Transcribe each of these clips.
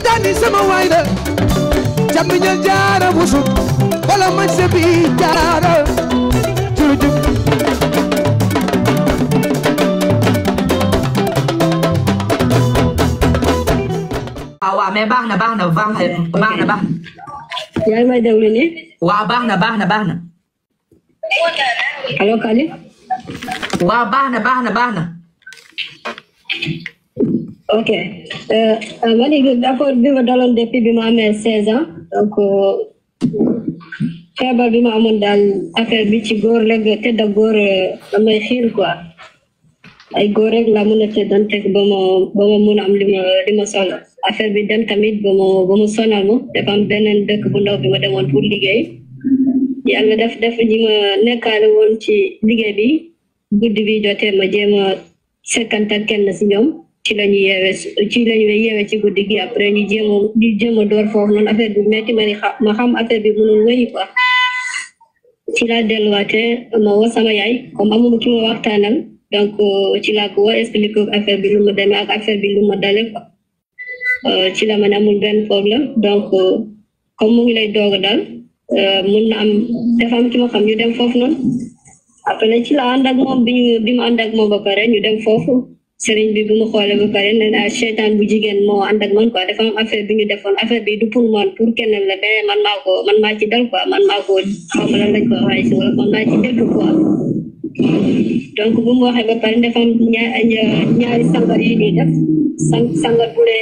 tijani sama waay la jamiñal jaara busu wala man se bi jaara jurujub waaw waaw mais baax na baax na baax na baax na baax na yaa na baax na baax na allo Kali waaw baax na baax na baax na ok euh, euh, ma ne d'accord bi ma daloon depuis bi ma amee seize ans donc feebar bi ma amoon daal affaire bi ci góor rek tëdd ak góor euh, damay xiir quoi ay góor rek la mun a tëddanteeg ba ma ba ma mën a am li ma li ma bi dem tamit ba ma ba ma sonal beneen dëkk bu ndaw bi ma demoon pour liggéey yàlla def def ji ma nekkaale woon ci liggéey bi guddi bi jotee ma jéem a sekkante ak kenn si ñoom. ci la ñu yeewee ci la ñu ci guddi gi après ñu jéem a ñu jéem a door foofu noonu affaire bi metti ma ma xam affaire bi mënul wéy quoi ci laa delluwaatee ma woo sama yaay comme amu ci ma waxtaanal donc euh, ci laa ko woo expliqué affaire bi lu mu demee ak affaire bi lu mu dale quoi euh, ci la ma ne amul benn problème donc euh, comme mu ngi lay doog dal mun na am dafa ma xam ñu dem foofu noonu après ci la ànd ak bi ñu bi mu ànd ak ba pare ñu dem foofu. sëriñ bi bu mu xoolee ba pare nee naa ah, seytaan bu jigéen moo ànd ak man quoi dafa affaire bi ñu defoon affaire bi du pour man pour keneen la beneen man maa ko man maa ci dal quoi man maa ko xaw ma lan lañ man maa ci dégg quoi donc bu mu waxee ba pare dafa ñaari sangar yi ñuy def sang sangar bu ne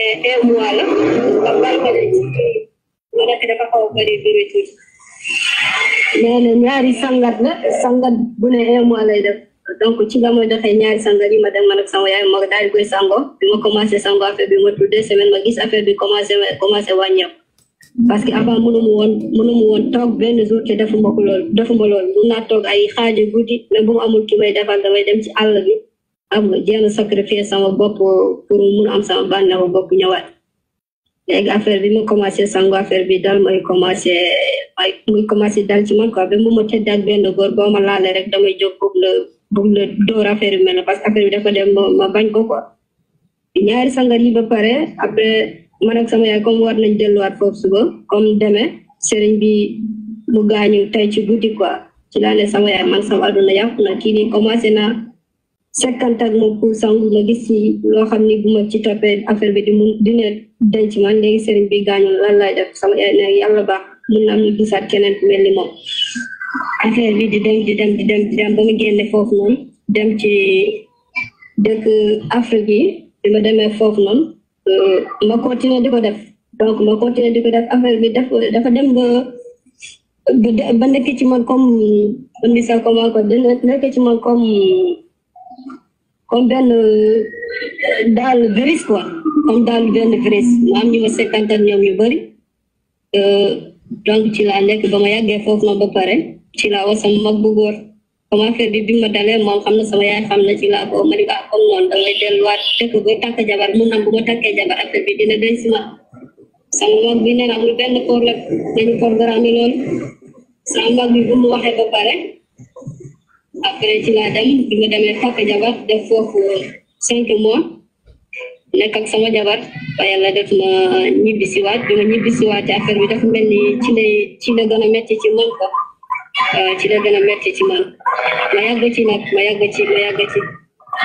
la def. donc ci la ma joxee ñaari sangal yi ma dem man ak sama yaay ma daal di sango bi ma commencé sango affaire bi ma tuddee semaine ma gis woon mënu mu woon toog benn jour te ko lool defuma ki may defal damay dem ci àll bi am nga jéem a sacrifier sama bopp pour mun am sama bànneexu bopp ñëwaat léegi affaire bi ma commencé sango affaire bi dal may commencé may muy commencé dal ci ma tëdd ak benn góor boo ma rek damay jóg foofu la. bëgg la door affaire yu mel ne parce que affaire bi dafa dem ma bañ ko quoi ñaari sangar yi ba pare après man ak sama yaay comme war nañ delluwaat foofu suba comme deme sëriñ bi mu gaañu tey ci guddi quoi ci laa sama yaay man sama àdduna yàqu na kii ni commencé na cinquante ak moom pour sangu ma gis ci loo xam ni bu ma ci toppee affaire bi di mu dina denc man léegi sëriñ bi gaañu lan laay def sama yaay ne yàlla baax mun na am ñu gisaat keneen mel ni moom affaire bi di dem di dem di dem di ba mu génne foofu noonu dem ci dëkk Afrique yi bi ma demee foofu noonu euh, ma continuer di ko def donc ma continuer di ko def affaire dafa dem ba ba ci man comme comme ni ci man comme comme benn euh, daal virus quoi daal benn virus ma am ñu ma sekkante ak ñoom ñu bëri euh, donc ci laa nekk ba ma yàggee foofu noonu ba pare. ci laa woo sama mag bu góor comme bi bi ma dalee moom xam na sama yaay xam na ci laa ko ma ne ko ah bu ma takkee jabar affaire bi dina denc ma benn problème dañu programme loolu sama mag bi ci laa dem bi ma demee def foofu cinq mois sama jabar ba yàlla def ma ñibbisiwaat bi dafa mel ni ci la ci la ci man ko Eh, ci la gën ci man ma yàgg ci nag ma yàgg ci ma yàgg ci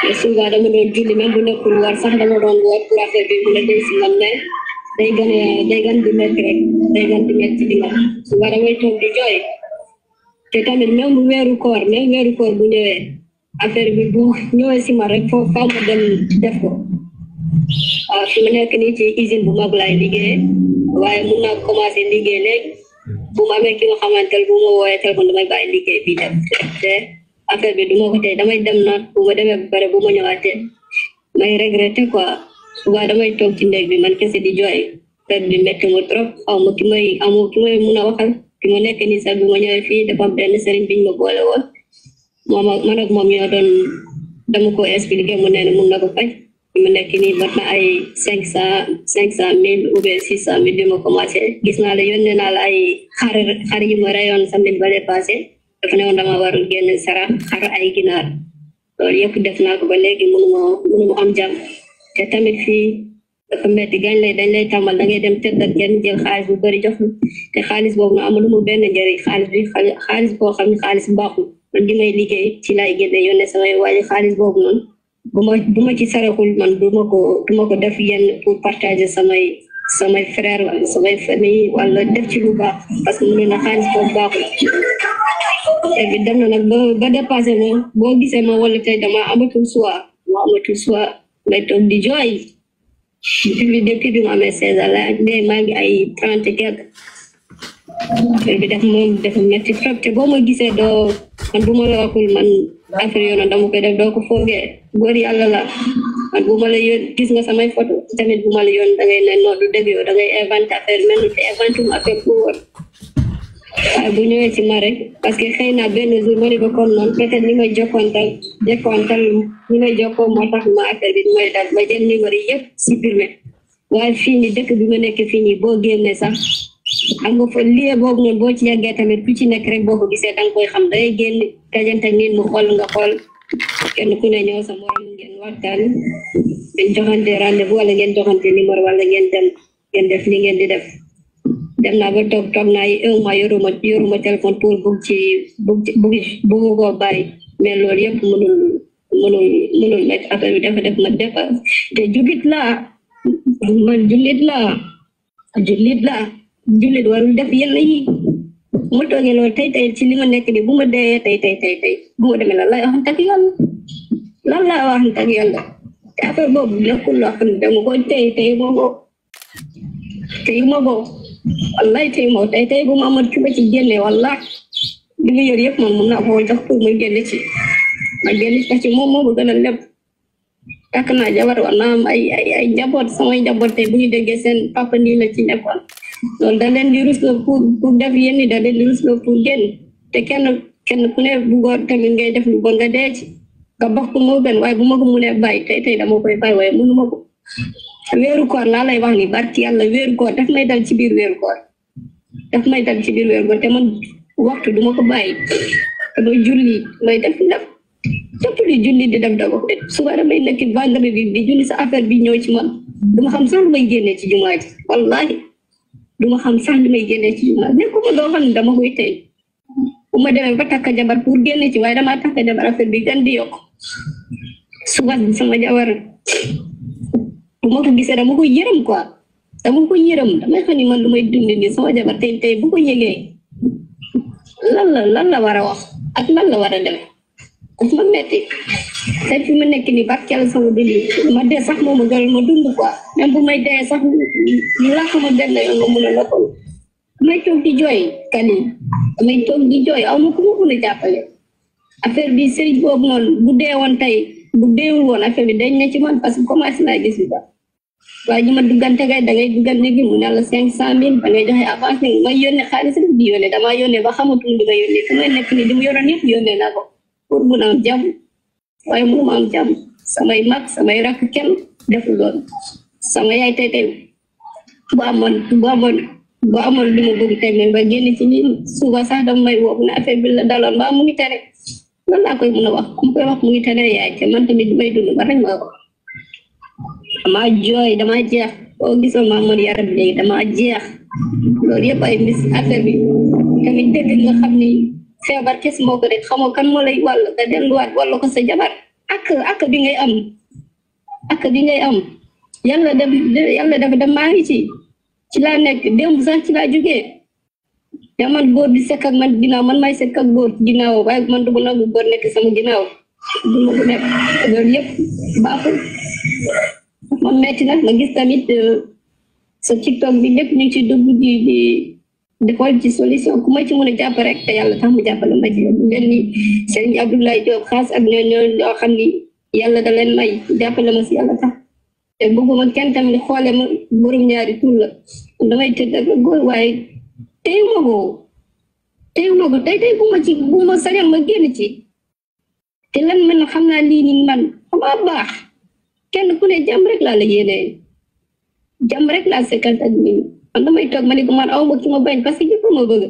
mais souvent dama doon julli même bu nekkul war sax dama doon war pour affaire bi mu si man ne day gën a day gën di di man souvent damay toog di jooy te tamit même bu weeru koor même weeru koor bu ñëwee affaire bi bu ñëwee si man rek foofu faaw ma dem def ko waaw ah, fi mu nekk nii ci usine bu mag laay liggéeyee mun naa commencé liggéey léegi. bu ma amee ki nga xamante ne bu ma woowee téléphone damay bàyyi liggéey bi dem te affaire du ma ko tey damay dem naat bu ma demee ba pare bu ma ñëwaatee may regretté quoi suba damay toog ci ndeg bi man kese di jooy perte bi métti ma trop xaw ma ki may amoo ki may mun a waxal ki ma nekk nii sax bi ma ñëwee fii dafa am benn sëriñ biñ ma boole woon moom man ak moom ñoo doon dama ko expliqué mu ne mun na ko faj. mu nekk nii mat ay cinq cent cinq cent mille ou bien six cent mille yu ma commencé gis naa la yónnee naa la ay xar xar yu ma rayoon samedi ba dépassé dafa ne woon dama warul génn sara xar ay ginaar loolu yëpp def naa ko ba léegi mënu ma mënu ma am jàmm te tamit fii dafa metti gañ lay dañ lay tàmbal da ngay dem tëdd ak kenn jël xaalis bu bëri jox te xaalis boobu na amul mu benn njëriñ xaalis bi xaalis boo xam ne xaalis mbaaxul man li may liggéey ci laay génne yónnee samay waaye xaalis boobu noonu bu ma bu ma ci sarekul man du ma ko ma ko def yenn pour partager samay samay frère wala samay famille wala def ci lu baax parce que mu ne na xaalis boobu baaxul bi dem na nag ba ba dépassé boo gisee ma wala tey dama amatul soi ma amatul soi may toog di jooy bi depuis bi ma amee seize ans maa ngi ay trente quelque bi def moom def metti trop te boo ma gisee doo man bu ma la waxul man affaire yoon dama koy def doo ko foogee góor yàlla la man bu ma la yoon gis nga samay photo tamit bu ma la yoon dangay ngay ne non du dëgg yow da ngay affaire mel ni te inventé mu affaire bu woon waaye ñëwee ci ma rek parce xëy na benn jour ma ne ko comme ma affaire bi may dal ma waaye fii dëkk bi ma nekk fii boo génnee sax xam nga fa lieu boobu boo ci yàggee tamit ku ci nekk rek boo ko gisee danga koy xam day génn dajante nit mu xool nga xool kenn ku ne ñëw sa morom ngeen waxtaan ngeen joxante rendez-vous wala ngeen joxante numéro wala ngeen dem def li ngeen di def dem naa ba toog toog naa un mois yoruma yoruma téléphone pour bugg ci bugg ci bugg koo bàyyi mais loolu yëpp mënul mënul mënul nekk affaire bi dafa def ma defa te jullit laa man jullit laa jullit jullit warul def yenn yi mu toogee loolu tey tey ci li ma nekk di bu ma dee tey tey tey tey bu ma demee lan laa waxante ak yàlla lan laa waxante ak boobu nekkul loo xam ne dama ko tey tey moo ko tey moo ko wallaay tey moo tey tey bu ma amoon ci ba ci génne wallaay li mu yëpp moom mun naa koo jox pour mu génne ci ma génne ci ci moom moo ko gën a leb takk naa jabar war naa ay ay njaboot samay njaboot tey bu ñu déggee seen papa ci nekkoon loolu da leen di rusloo pour pour def yenn da leen di rusloo pour génn te kenn kenn ku ne bu góor tamit ngay def lu bon nga dee ci nga bokk moo gën waaye bu ma ko mënee bàyyi tey tey dama koy bàyyi waaye mënu ma ko weeru koor laa lay wax ni barki yàlla weeru koor daf may dal ci biir weeru koor daf may dal ci biir weeru koor te man waxtu du ma ko bàyyi damay julli may def ndaf lépp lu julli di def dama ko suba damay nekk bi di julli sa affaire bi ñëw ci man dama xam sax lu may génnee ci jumaa ji wallahi du ma xam sax ni may génnee ci jumaa nekkuma loo xam ne dama koy tey bu ma demee ba takka jabar pour génne ci waaye damaa takka jabar affaire bi gën di yokk suba sama jabar bu ma ko gisee dama ko yërëm quoi dama ko yërëm damay xam ni man lu may dund nii sama jabar tey tey bu ko yëgee lan la lan la war a wax ak lan la war a demee daf ma metti te fi mu nekk nii barke yàlla sama dund ma dee sax moom ma gënal ma dund quoi même bu may dee sax laa xama benn yoon ma mun a noppal toog di jooy kan yi damay toog di jooy aw ma ku ma a jàppale affaire bi sëriñ boobu noonu bu dee woon tey bu deewul woon affaire bi dañ ne ci man parce que commencé naa gis bi ba waaye ji ma duggante kay da ngay duggante gi mu ne la cinq cent mille ba ngay joxe avancé may yónnee xaalis rek di yónnee damaa yónnee ba xamatul di ma yónnee su may nekk nii di mu yoroon yëpp yónnee naa ko pour mun naa am jàmm waaye munuma am jàmm samay mag samay rakk kenn deful loolu sama yaay tey tey bu amoon bu amoon bu amoon lu ma bëgg tey man ba génn ci nii suba sax dama may woo na affaire bi la daloon ba mu ngi tere lan laa koy mun a wax ku koy wax mu ngi tere yaay te man tamit may dund ba rek maa ko dama jooy dama jeex boo gisoon maa moon yaram léegi dama jeex lool yëpp ay mis affaire bi tamit dëgg nga xam ni feebar kes moo ko rek xamoo kan moo lay wàll nga delluwaat wàllu ko sa jabar ak ak bi ngay am ak bi ngay am yàlla def yàlla def da maa ngi ci ci laa nekk démb sax ci laa jógee te man góor di sekk ak man ginnaaw man may sekk ak góor ginnaaw waaye man du ma nag góor nekk sama ginnaaw du ma ko nekk loolu yëpp man metti nag ma gis tamit euh, sa TikTok bi lépp ñu ngi ci dugg di di di xool ci solution ku ma ci mën a jàpp rek te yàlla tax mu jàppale ma ci mel ni Serigne Abdoulaye Diop xaas ak ñoo xam ni yàlla da leen may jàppale ma si yàlla tax te bëgguma kenn tamit xoole ma borom ñaari tur la damay tëdd ak waaye tey mago ko tey ma tey tey bu ci bu ma sañoon ma génn ci te lan man xam naa lii ni man xamaa baax kenn ku ne jàmm rek laa la yéene jàmm rek laa sekkal ak man damay toog ma ne ko ma ki ma bañ parce que ñëpp ma bëgg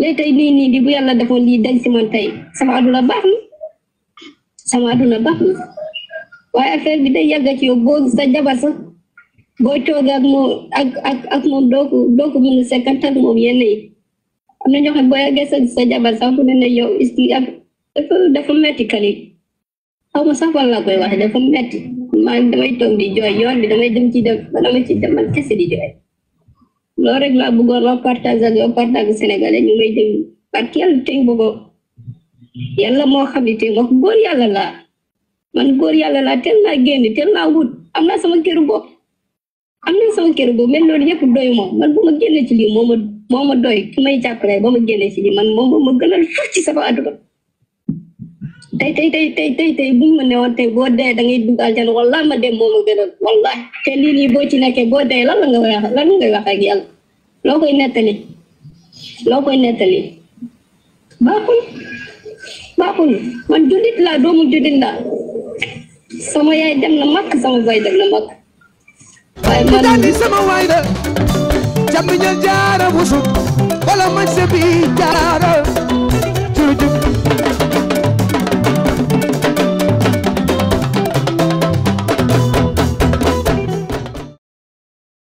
léegi yàlla defoon lii dañ si man tey sama aduna baax affaire bi day yàgg ci yow boo sa jabar sax booy toog ak moom ak ak doo ko doo ko mën a sekkantal moom yenn yi am na sax ku ne ne yow dafa dafa metti kali xaw ma sax koy wax dafa metti man damay toog di jooy yoon bi damay dem ci dem ci demal loolu rek laa bëggoon ma partage ak yow partage sénégalais ñu may déglu parce que yàlla tey bëggoo yàlla moo xam ne tey wax góor yàlla laa man góor yàlla laa teel naa génn teel naa wut am naa sama kër bopp am naa sama kër bopp mais loolu yëpp doy moom man bu ma génne ci moo ma moo ma doy ki may jàppale ba ma génne ci lii man moom ma gënal fuuf ci sama àdduna tey tey tey tey tey tey buñ ma newoon tey boo dee da ngay dugg aljana wallaahi ma dem moom a gënal wallaahi te lii nii boo ci nekkee boo dee lan la nga wax lan ngay wax ak yàlla loo koy nettali loo koy nettali baaxul baaxul man jullit laa doomu jullit laa sama yaay dem na màkk sama baay dem na màkk waaye man daal sama waay la jàmm ñal jaara man se bi